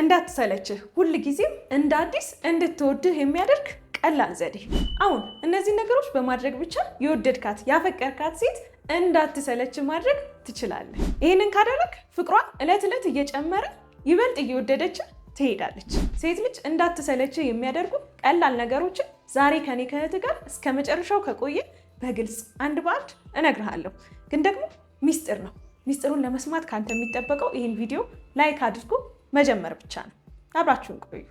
እንዳትሰለችህ ሁል ጊዜም እንደ አዲስ እንድትወድህ የሚያደርግ ቀላል ዘዴ። አሁን እነዚህ ነገሮች በማድረግ ብቻ የወደድካት ያፈቀርካት ሴት እንዳትሰለች ማድረግ ትችላለህ። ይህንን ካደረግ ፍቅሯ እለት ዕለት እየጨመረ ይበልጥ እየወደደች ትሄዳለች። ሴት ልጅ እንዳትሰለች የሚያደርጉ ቀላል ነገሮችን ዛሬ ከኔ ከእህት ጋር እስከ መጨረሻው ከቆየ በግልጽ አንድ በአንድ እነግርሃለሁ። ግን ደግሞ ሚስጥር ነው። ሚስጥሩን ለመስማት ካንተ የሚጠበቀው ይህን ቪዲዮ ላይክ አድርጎ መጀመር ብቻ ነው። አብራችሁን ቆዩ።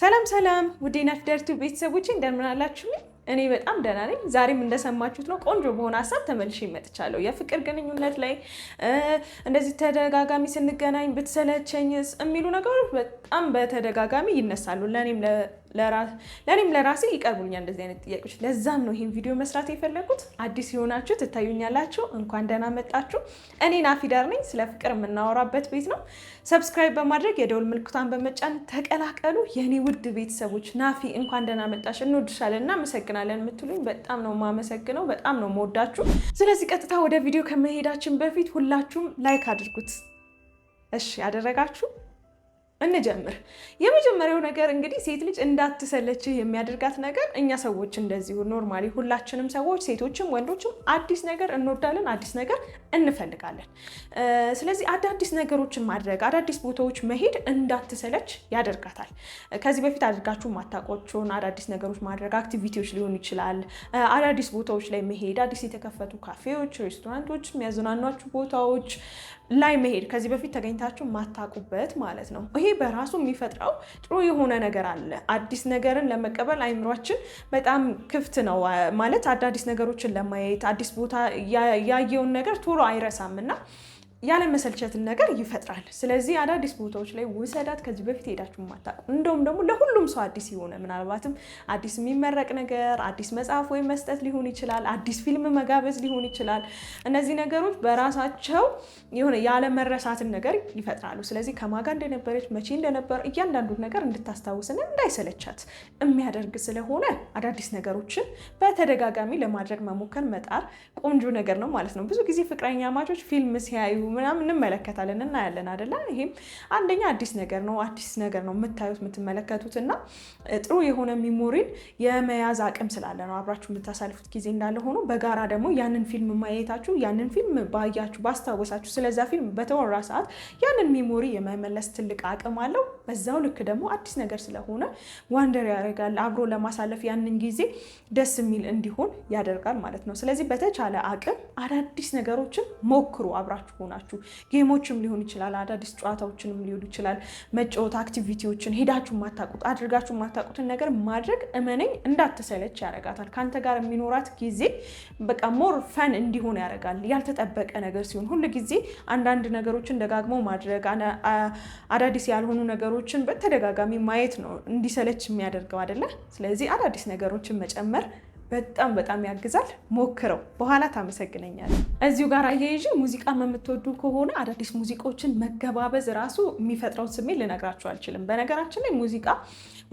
ሰላም ሰላም፣ ውዴ ናት ደርቱ ቤተሰቦች እንደምን አላችሁ? እኔ በጣም ደህና ነኝ። ዛሬም እንደሰማችሁት ነው ቆንጆ በሆነ ሀሳብ ተመልሼ መጥቻለሁ። የፍቅር ግንኙነት ላይ እንደዚህ ተደጋጋሚ ስንገናኝ ብትሰለቸኝስ የሚሉ ነገሮች በጣም በተደጋጋሚ ይነሳሉ። ለእኔም ለራሴ ይቀርቡኛል እንደዚህ አይነት ጥያቄዎች። ለዛም ነው ይህን ቪዲዮ መስራት የፈለጉት። አዲስ የሆናችሁ ትታዩኛላችሁ፣ እንኳን ደህና መጣችሁ። እኔ ናፊዳር ነኝ። ስለ ፍቅር የምናወራበት ቤት ነው። ሰብስክራይብ በማድረግ የደውል ምልክቷን በመጫን ተቀላቀሉ። የእኔ ውድ ቤተሰቦች ናፊ እንኳን ደህና መጣሽ፣ እንወድሻለን እና መሰግ እናመሰግናለን የምትሉኝ በጣም ነው የማመሰግነው። በጣም ነው የምወዳችሁ። ስለዚህ ቀጥታ ወደ ቪዲዮ ከመሄዳችን በፊት ሁላችሁም ላይክ አድርጉት። እሺ ያደረጋችሁ እንጀምር። የመጀመሪያው ነገር እንግዲህ ሴት ልጅ እንዳትሰለችህ የሚያደርጋት ነገር እኛ ሰዎች እንደዚሁ ኖርማሊ፣ ሁላችንም ሰዎች ሴቶችም ወንዶችም አዲስ ነገር እንወዳለን፣ አዲስ ነገር እንፈልጋለን። ስለዚህ አዳዲስ ነገሮችን ማድረግ፣ አዳዲስ ቦታዎች መሄድ እንዳትሰለች ያደርጋታል። ከዚህ በፊት አድርጋችሁ ማታቆቹን አዳዲስ ነገሮች ማድረግ አክቲቪቲዎች ሊሆን ይችላል። አዳዲስ ቦታዎች ላይ መሄድ፣ አዲስ የተከፈቱ ካፌዎች፣ ሬስቶራንቶች፣ የሚያዝናኗችሁ ቦታዎች ላይ መሄድ ከዚህ በፊት ተገኝታችሁ ማታቁበት ማለት ነው። ይሄ በራሱ የሚፈጥረው ጥሩ የሆነ ነገር አለ። አዲስ ነገርን ለመቀበል አይምሯችን በጣም ክፍት ነው ማለት አዳዲስ ነገሮችን ለማየት አዲስ ቦታ ያየውን ነገር ቶሎ አይረሳም እና ያለመሰልቸትን ነገር ይፈጥራል። ስለዚህ አዳዲስ ቦታዎች ላይ ውሰዳት። ከዚህ በፊት ሄዳችሁ የማታውቁ እንደውም ደግሞ ለሁሉም ሰው አዲስ የሆነ ምናልባትም አዲስ የሚመረቅ ነገር አዲስ መጽሐፍ ወይም መስጠት ሊሆን ይችላል፣ አዲስ ፊልም መጋበዝ ሊሆን ይችላል። እነዚህ ነገሮች በራሳቸው የሆነ ያለመረሳትን ነገር ይፈጥራሉ። ስለዚህ ከማጋ እንደነበረች መቼ እንደነበረ እያንዳንዱን ነገር እንድታስታውስን እንዳይሰለቻት የሚያደርግ ስለሆነ አዳዲስ ነገሮችን በተደጋጋሚ ለማድረግ መሞከር መጣር ቆንጆ ነገር ነው ማለት ነው። ብዙ ጊዜ ፍቅረኛ ማቾች ፊልም ሲያዩ ምናምን እንመለከታለን፣ እናያለን አደለ ይሄም አንደኛ አዲስ ነገር ነው። አዲስ ነገር ነው የምታዩት የምትመለከቱት፣ እና ጥሩ የሆነ ሚሞሪን የመያዝ አቅም ስላለ ነው አብራችሁ የምታሳልፉት ጊዜ እንዳለ ሆኖ በጋራ ደግሞ ያንን ፊልም ማየታችሁ ያንን ፊልም ባያችሁ ባስታወሳችሁ ስለዛ ፊልም በተወራ ሰዓት ያንን ሚሞሪ የመመለስ ትልቅ አቅም አለው። በዛው ልክ ደግሞ አዲስ ነገር ስለሆነ ዋንደር ያደርጋል። አብሮ ለማሳለፍ ያንን ጊዜ ደስ የሚል እንዲሆን ያደርጋል ማለት ነው። ስለዚህ በተቻለ አቅም አዳዲስ ነገሮችን ሞክሩ አብራችሁ ሆናችሁ። ጌሞችም ሊሆን ይችላል፣ አዳዲስ ጨዋታዎችንም ሊሆን ይችላል፣ መጫወት አክቲቪቲዎችን ሄዳችሁ ማታቁት አድርጋችሁ ማታቁትን ነገር ማድረግ እመነኝ እንዳትሰለች ያደርጋታል። ከአንተ ጋር የሚኖራት ጊዜ በቃ ሞር ፈን እንዲሆን ያደርጋል። ያልተጠበቀ ነገር ሲሆን ሁሉ ጊዜ አንዳንድ ነገሮችን ደጋግሞ ማድረግ አዳዲስ ያልሆኑ ነገሮች ነገሮችን በተደጋጋሚ ማየት ነው እንዲሰለች የሚያደርገው አይደለ? ስለዚህ አዳዲስ ነገሮችን መጨመር በጣም በጣም ያግዛል። ሞክረው፣ በኋላ ታመሰግነኛል። እዚሁ ጋር አያይዤ ሙዚቃ የምትወዱ ከሆነ አዳዲስ ሙዚቃዎችን መገባበዝ ራሱ የሚፈጥረውን ስሜት ልነግራችሁ አልችልም። በነገራችን ላይ ሙዚቃ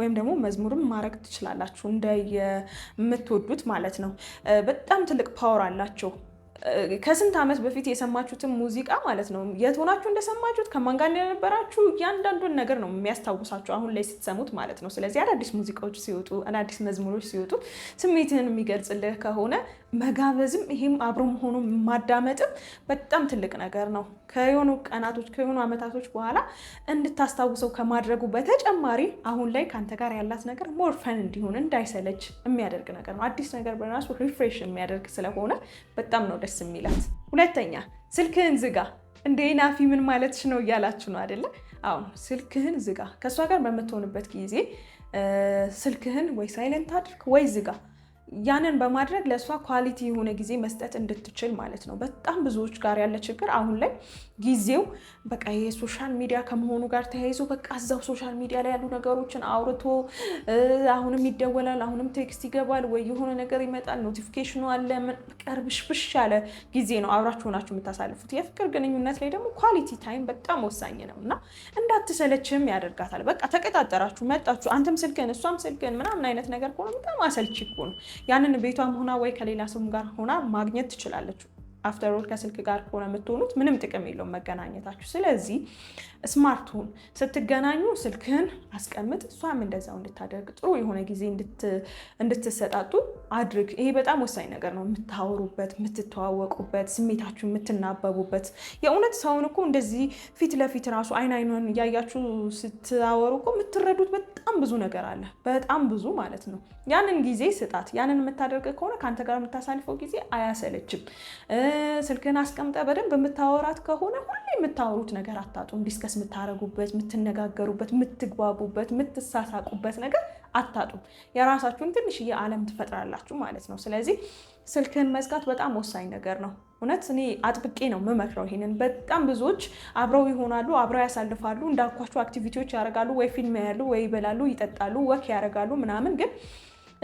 ወይም ደግሞ መዝሙርም ማድረግ ትችላላችሁ፣ እንደ የምትወዱት ማለት ነው። በጣም ትልቅ ፓወር አላቸው። ከስንት ዓመት በፊት የሰማችሁትን ሙዚቃ ማለት ነው የት ሆናችሁ እንደሰማችሁት ከማን ጋር እንደነበራችሁ እያንዳንዱን ነገር ነው የሚያስታውሳችሁ አሁን ላይ ስትሰሙት ማለት ነው። ስለዚህ አዳዲስ ሙዚቃዎች ሲወጡ፣ አዳዲስ መዝሙሮች ሲወጡ ስሜትህን የሚገልጽልህ ከሆነ መጋበዝም ይሄም አብሮ መሆኑ ማዳመጥም በጣም ትልቅ ነገር ነው። ከሆኑ ቀናቶች ከሆኑ ዓመታቶች በኋላ እንድታስታውሰው ከማድረጉ በተጨማሪ አሁን ላይ ከአንተ ጋር ያላት ነገር ሞርፈን እንዲሆን እንዳይሰለች የሚያደርግ ነገር ነው። አዲስ ነገር በራሱ ሪፍሬሽ የሚያደርግ ስለሆነ በጣም ነው ደስ የሚላት። ሁለተኛ ስልክህን ዝጋ። እንደ ናፊ ምን ማለትሽ ነው እያላችሁ ነው አይደለ? አዎ ስልክህን ዝጋ። ከእሷ ጋር በምትሆንበት ጊዜ ስልክህን ወይ ሳይለንት አድርግ ወይ ዝጋ። ያንን በማድረግ ለእሷ ኳሊቲ የሆነ ጊዜ መስጠት እንድትችል ማለት ነው። በጣም ብዙዎች ጋር ያለ ችግር አሁን ላይ ጊዜው በቃ ሶሻል ሚዲያ ከመሆኑ ጋር ተያይዞ በቃ እዛው ሶሻል ሚዲያ ላይ ያሉ ነገሮችን አውርቶ አሁንም ይደወላል፣ አሁንም ቴክስት ይገባል፣ ወይ የሆነ ነገር ይመጣል፣ ኖቲፊኬሽኑ አለ። ቀርብሽብሽ ያለ ጊዜ ነው አብራችሁ ሆናችሁ የምታሳልፉት። የፍቅር ግንኙነት ላይ ደግሞ ኳሊቲ ታይም በጣም ወሳኝ ነው እና እንዳትሰለችም ያደርጋታል። በቃ ተቀጣጠራችሁ መጣችሁ፣ አንተም ስልክን እሷም ስልክን ምናምን አይነት ነገር ከሆነ በጣም አሰልቺ እኮ ነው። ያንን ቤቷም ሆና ወይ ከሌላ ሰውም ጋር ሆና ማግኘት ትችላለች። አፍተሮል ከስልክ ጋር ከሆነ የምትሆኑት ምንም ጥቅም የለውም መገናኘታችሁ። ስለዚህ ስማርትሆን ስትገናኙ ስልክህን አስቀምጥ፣ እሷም እንደዛው እንድታደርግ ጥሩ የሆነ ጊዜ እንድትሰጣጡ አድርግ። ይሄ በጣም ወሳኝ ነገር ነው። የምታወሩበት፣ የምትተዋወቁበት፣ ስሜታችሁ የምትናበቡበት። የእውነት ሰውን እኮ እንደዚህ ፊት ለፊት ራሱ አይን አይኑን እያያችሁ ስትወሩ እኮ የምትረዱት በጣም ብዙ ነገር አለ። በጣም ብዙ ማለት ነው። ያንን ጊዜ ስጣት። ያንን የምታደርግ ከሆነ ከአንተ ጋር የምታሳልፈው ጊዜ አያሰለችም። ስልክን አስቀምጠ በደንብ የምታወራት ከሆነ ሁሌ የምታወሩት ነገር አታጡም። ዲስከስ የምታረጉበት፣ የምትነጋገሩበት፣ የምትግባቡበት፣ የምትሳሳቁበት ነገር አታጡም። የራሳችሁን ትንሽዬ ዓለም ትፈጥራላችሁ ማለት ነው። ስለዚህ ስልክን መዝጋት በጣም ወሳኝ ነገር ነው። እውነት እኔ አጥብቄ ነው የምመክረው ይሄንን። በጣም ብዙዎች አብረው ይሆናሉ፣ አብረው ያሳልፋሉ፣ እንዳኳቸው አክቲቪቲዎች ያደርጋሉ፣ ወይ ፊልም ያሉ፣ ወይ ይበላሉ፣ ይጠጣሉ፣ ወክ ያደርጋሉ ምናምን ግን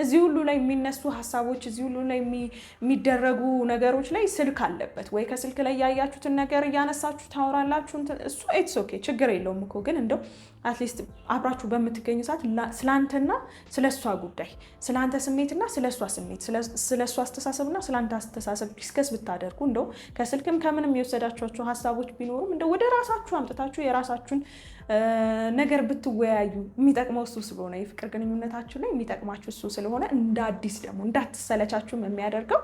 እዚህ ሁሉ ላይ የሚነሱ ሀሳቦች፣ እዚህ ሁሉ ላይ የሚደረጉ ነገሮች ላይ ስልክ አለበት ወይ? ከስልክ ላይ ያያችሁትን ነገር እያነሳችሁ ታወራላችሁ። እሱ ኢትስ ኦኬ ችግር የለውም እኮ ግን እንደው አትሊስት አብራችሁ በምትገኙ ሰዓት ስለአንተና ስለ እሷ ጉዳይ፣ ስለአንተ ስሜትና ስለ እሷ ስሜት፣ ስለ እሷ አስተሳሰብና ስለ አንተ አስተሳሰብ ዲስከስ ብታደርጉ እንደው ከስልክም ከምንም የወሰዳችኋቸው ሀሳቦች ቢኖሩም እንደው ወደ ራሳችሁ አምጥታችሁ የራሳችሁን ነገር ብትወያዩ የሚጠቅመው እሱ ስለሆነ የፍቅር ግንኙነታችሁ ላይ የሚጠቅማችሁ እሱ ስለሆነ እንደ አዲስ ደግሞ እንዳትሰለቻችሁም የሚያደርገው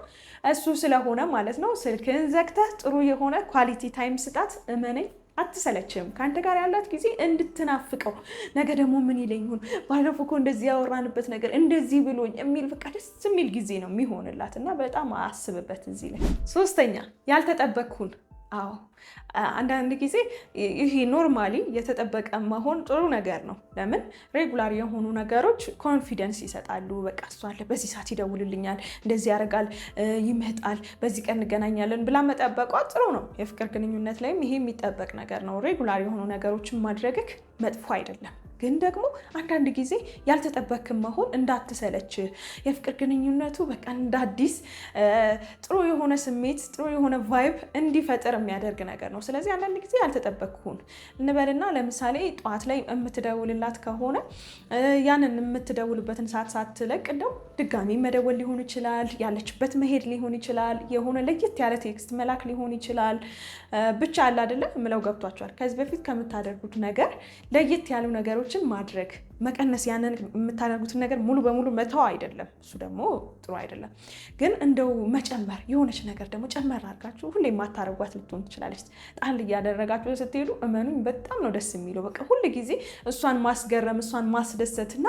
እሱ ስለሆነ ማለት ነው። ስልክን ዘግተህ ጥሩ የሆነ ኳሊቲ ታይም ስጣት። እመነኝ። አትሰለችም። ከአንተ ጋር ያላት ጊዜ እንድትናፍቀው ነገ ደግሞ ምን ይለኝሁን ባለፈው እኮ እንደዚህ ያወራንበት ነገር እንደዚህ ብሎኝ የሚል በቃ ደስ የሚል ጊዜ ነው የሚሆንላት እና በጣም አስብበት እዚህ ላይ። ሶስተኛ ያልተጠበቅኩን አዎ አንዳንድ ጊዜ ይሄ ኖርማሊ የተጠበቀ መሆን ጥሩ ነገር ነው። ለምን ሬጉላር የሆኑ ነገሮች ኮንፊደንስ ይሰጣሉ። በቃ እሷ አለ በዚህ ሰዓት ይደውልልኛል፣ እንደዚህ ያደርጋል፣ ይመጣል፣ በዚህ ቀን እንገናኛለን ብላ መጠበቋ ጥሩ ነው። የፍቅር ግንኙነት ላይም ይሄ የሚጠበቅ ነገር ነው። ሬጉላር የሆኑ ነገሮችን ማድረግህ መጥፎ አይደለም። ግን ደግሞ አንዳንድ ጊዜ ያልተጠበክም መሆን እንዳትሰለች። የፍቅር ግንኙነቱ በቃ እንደ አዲስ ጥሩ የሆነ ስሜት ጥሩ የሆነ ቫይብ እንዲፈጥር የሚያደርግ ነገር ነው። ስለዚህ አንዳንድ ጊዜ ያልተጠበክሁን እንበልና ለምሳሌ ጠዋት ላይ የምትደውልላት ከሆነ ያንን የምትደውልበትን ሰዓት ሳትለቅ እንደው ድጋሚ መደወል ሊሆን ይችላል፣ ያለችበት መሄድ ሊሆን ይችላል፣ የሆነ ለየት ያለ ቴክስት መላክ ሊሆን ይችላል። ብቻ አለ አይደለም ምለው ገብቷቸዋል። ከዚህ በፊት ከምታደርጉት ነገር ለየት ያሉ ነገሮች ነገሮችን ማድረግ መቀነስ ያንን የምታደርጉትን ነገር ሙሉ በሙሉ መተው አይደለም። እሱ ደግሞ ጥሩ አይደለም። ግን እንደው መጨመር የሆነች ነገር ደግሞ ጨመር አድርጋችሁ ሁሌ የማታደርጓት ልትሆን ትችላለች። ጣል እያደረጋችሁ ስትሄዱ እመኑኝ በጣም ነው ደስ የሚለው። በቃ ሁል ጊዜ እሷን ማስገረም እሷን ማስደሰት እና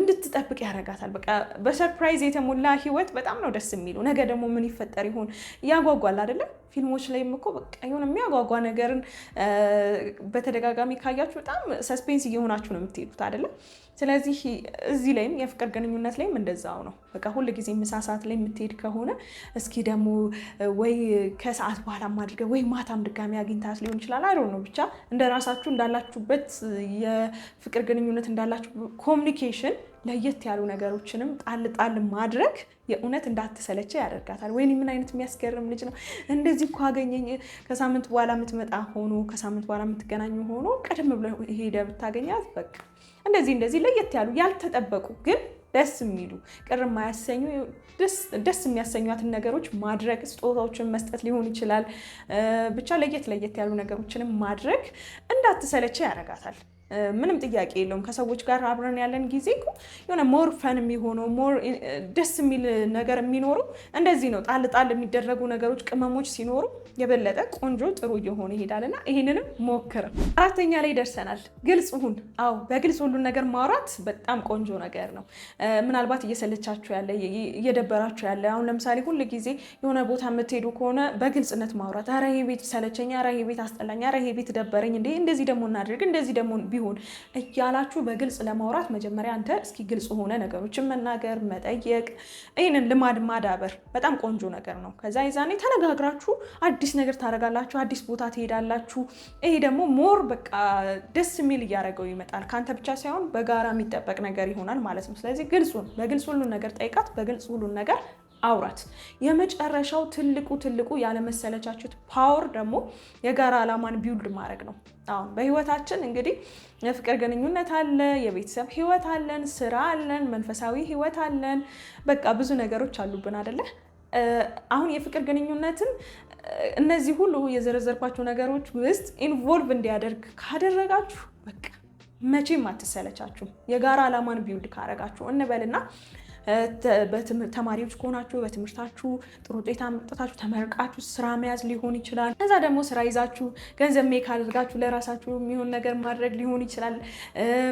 እንድትጠብቅ ያደርጋታል። በቃ በሰርፕራይዝ የተሞላ ህይወት በጣም ነው ደስ የሚለው። ነገ ደግሞ ምን ይፈጠር ይሆን ያጓጓል አይደለም? ፊልሞች ላይም እኮ በቃ የሆነ የሚያጓጓ ነገርን በተደጋጋሚ ካያችሁ በጣም ሰስፔንስ እየሆናችሁ ነው የምትሄዱት አይደለም? ስለዚህ እዚህ ላይም የፍቅር ግንኙነት ላይም እንደዛው ነው። በቃ ሁል ጊዜ ምሳ ሰዓት ላይ የምትሄድ ከሆነ እስኪ ደግሞ ወይ ከሰዓት በኋላም አድርገ ወይ ማታም ድጋሚ አግኝታት ሊሆን ይችላል። አይሮ ነው ብቻ እንደ ራሳችሁ እንዳላችሁበት የፍቅር ግንኙነት እንዳላችሁ ኮሚኒኬሽን ለየት ያሉ ነገሮችንም ጣል ጣል ማድረግ የእውነት እንዳትሰለች ያደርጋታል። ወይኔ ምን አይነት የሚያስገርም ልጅ ነው! እንደዚህ እኮ አገኘኝ። ከሳምንት በኋላ የምትመጣ ሆኖ ከሳምንት በኋላ የምትገናኙ ሆኖ ቀደም ብሎ ሄደ ብታገኛት በቃ እንደዚህ እንደዚህ ለየት ያሉ ያልተጠበቁ ግን ደስ የሚሉ ቅር የማያሰኙ ደስ የሚያሰኟትን ነገሮች ማድረግ ስጦታዎችን መስጠት ሊሆን ይችላል። ብቻ ለየት ለየት ያሉ ነገሮችንም ማድረግ እንዳትሰለቸ ያደርጋታል። ምንም ጥያቄ የለውም። ከሰዎች ጋር አብረን ያለን ጊዜ እኮ የሆነ ሞር ፈን የሚሆነው ሞር ደስ የሚል ነገር የሚኖረው እንደዚህ ነው። ጣል ጣል የሚደረጉ ነገሮች፣ ቅመሞች ሲኖሩ የበለጠ ቆንጆ ጥሩ እየሆነ ይሄዳል እና ይህንንም ሞክር። አራተኛ ላይ ደርሰናል። ግልጽ ሁን። አዎ በግልጽ ሁሉን ነገር ማውራት በጣም ቆንጆ ነገር ነው። ምናልባት እየሰለቻችሁ ያለ እየደበራችሁ ያለ አሁን ለምሳሌ ሁል ጊዜ የሆነ ቦታ የምትሄዱ ከሆነ በግልጽነት ማውራት፣ ኧረ ይሄ ቤት ሰለቸኝ፣ ኧረ ይሄ ቤት አስጠላኝ፣ ኧረ ይሄ ቤት ደበረኝ፣ እንዴ እንደዚህ ደግሞ እናድርግ እንደዚህ ደግሞ ይሁን እያላችሁ በግልጽ ለማውራት መጀመሪያ አንተ እስኪ ግልጽ ሆነ ነገሮችን መናገር፣ መጠየቅ፣ ይህንን ልማድ ማዳበር በጣም ቆንጆ ነገር ነው። ከዛ ይዛኔ ተነጋግራችሁ አዲስ ነገር ታደርጋላችሁ፣ አዲስ ቦታ ትሄዳላችሁ። ይሄ ደግሞ ሞር በቃ ደስ የሚል እያደረገው ይመጣል። ከአንተ ብቻ ሳይሆን በጋራ የሚጠበቅ ነገር ይሆናል ማለት ነው። ስለዚህ ግልጹን በግልጽ ሁሉን ነገር ጠይቃት፣ በግልጽ ሁሉን ነገር አውራት። የመጨረሻው ትልቁ ትልቁ ያለመሰለቻችሁት ፓወር ደግሞ የጋራ ዓላማን ቢውልድ ማድረግ ነው። አሁን በህይወታችን እንግዲህ የፍቅር ግንኙነት አለ፣ የቤተሰብ ህይወት አለን፣ ስራ አለን፣ መንፈሳዊ ህይወት አለን። በቃ ብዙ ነገሮች አሉብን አደለ? አሁን የፍቅር ግንኙነትን እነዚህ ሁሉ የዘረዘርኳቸው ነገሮች ውስጥ ኢንቮልቭ እንዲያደርግ ካደረጋችሁ በቃ መቼም አትሰለቻችሁም። የጋራ ዓላማን ቢውልድ ካረጋችሁ እንበልና ተማሪዎች ከሆናችሁ በትምህርታችሁ ጥሩ ውጤት አምጥታችሁ ተመርቃችሁ ስራ መያዝ ሊሆን ይችላል። ከዛ ደግሞ ስራ ይዛችሁ ገንዘብ ሜክ አድርጋችሁ ለራሳችሁ የሚሆን ነገር ማድረግ ሊሆን ይችላል።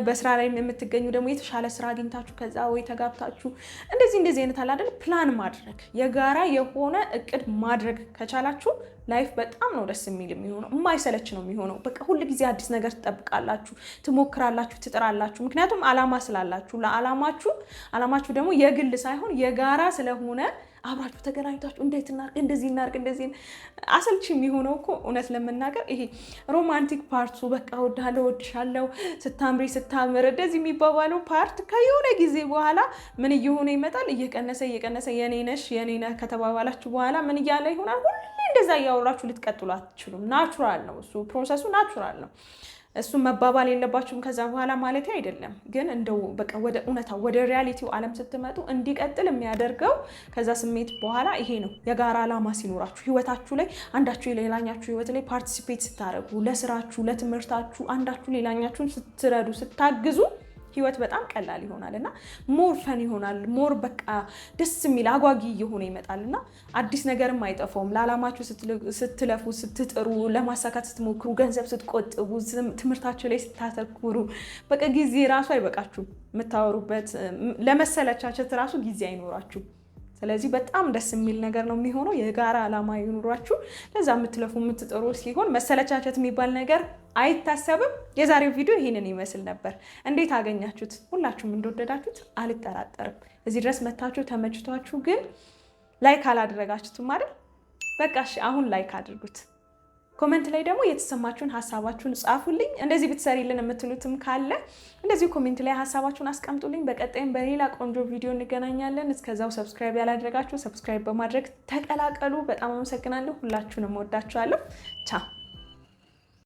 በስራ ላይ የምትገኙ ደግሞ የተሻለ ስራ አግኝታችሁ ከዛ ወይ ተጋብታችሁ እንደዚህ እንደዚህ አይነት አላደል ፕላን ማድረግ የጋራ የሆነ እቅድ ማድረግ ከቻላችሁ ላይፍ በጣም ነው ደስ የሚል የሚሆነው፣ የማይሰለች ነው የሚሆነው። በቃ ሁል ጊዜ አዲስ ነገር ትጠብቃላችሁ፣ ትሞክራላችሁ፣ ትጥራላችሁ። ምክንያቱም አላማ ስላላችሁ ለአላማችሁ አላማችሁ ደግሞ የግል ሳይሆን የጋራ ስለሆነ አብራችሁ ተገናኝታችሁ እንዴት እናርግ፣ እንደዚህ እናርግ፣ እንደዚህ አሰልች የሚሆነው እኮ እውነት ለመናገር ይሄ ሮማንቲክ ፓርቱ በቃ ወዳለ ወድሻለው፣ ስታምሪ ስታምር እንደዚህ የሚባባለው ፓርት ከየሆነ ጊዜ በኋላ ምን እየሆነ ይመጣል? እየቀነሰ እየቀነሰ የኔ ነሽ የኔ ነህ ከተባባላችሁ በኋላ ምን እያለ ይሆናል? ሁሌ እንደዛ እያወራችሁ ልትቀጥሉ አትችሉም። ናቹራል ነው እሱ ፕሮሰሱ ናቹራል ነው። እሱም መባባል የለባችሁም ከዛ በኋላ ማለት አይደለም። ግን እንደው በቃ ወደ እውነታ ወደ ሪያሊቲው ዓለም ስትመጡ እንዲቀጥል የሚያደርገው ከዛ ስሜት በኋላ ይሄ ነው። የጋራ ዓላማ ሲኖራችሁ ህይወታችሁ ላይ አንዳችሁ የሌላኛችሁ ህይወት ላይ ፓርቲሲፔት ስታደርጉ፣ ለስራችሁ፣ ለትምህርታችሁ አንዳችሁ ሌላኛችሁን ስትረዱ፣ ስታግዙ ህይወት በጣም ቀላል ይሆናል እና ሞር ፈን ይሆናል። ሞር በቃ ደስ የሚል አጓጊ እየሆነ ይመጣል እና አዲስ ነገርም አይጠፋውም። ለዓላማችሁ ስትለፉ፣ ስትጥሩ፣ ለማሳካት ስትሞክሩ፣ ገንዘብ ስትቆጥቡ፣ ትምህርታቸው ላይ ስታተኩሩ፣ በቃ ጊዜ ራሱ አይበቃችሁም። የምታወሩበት ለመሰለቻቸት ራሱ ጊዜ አይኖራችሁም። ስለዚህ በጣም ደስ የሚል ነገር ነው የሚሆነው። የጋራ ዓላማ ይኑሯችሁ። ለዛ የምትለፉ የምትጥሩ ሲሆን መሰለቻቸት የሚባል ነገር አይታሰብም። የዛሬው ቪዲዮ ይህንን ይመስል ነበር። እንዴት አገኛችሁት? ሁላችሁም እንደወደዳችሁት አልጠራጠርም። እዚህ ድረስ መታችሁ ተመችቷችሁ፣ ግን ላይክ አላደረጋችሁትም አይደል? በቃ እሺ፣ አሁን ላይክ አድርጉት። ኮመንት ላይ ደግሞ የተሰማችሁን ሀሳባችሁን ጻፉልኝ። እንደዚህ ብትሰሪልን የምትሉትም ካለ እንደዚሁ ኮሜንት ላይ ሀሳባችሁን አስቀምጡልኝ። በቀጣይም በሌላ ቆንጆ ቪዲዮ እንገናኛለን። እስከዛው ሰብስክራይብ ያላደረጋችሁ ሰብስክራይብ በማድረግ ተቀላቀሉ። በጣም አመሰግናለሁ። ሁላችሁንም ወዳችኋለሁ። ቻው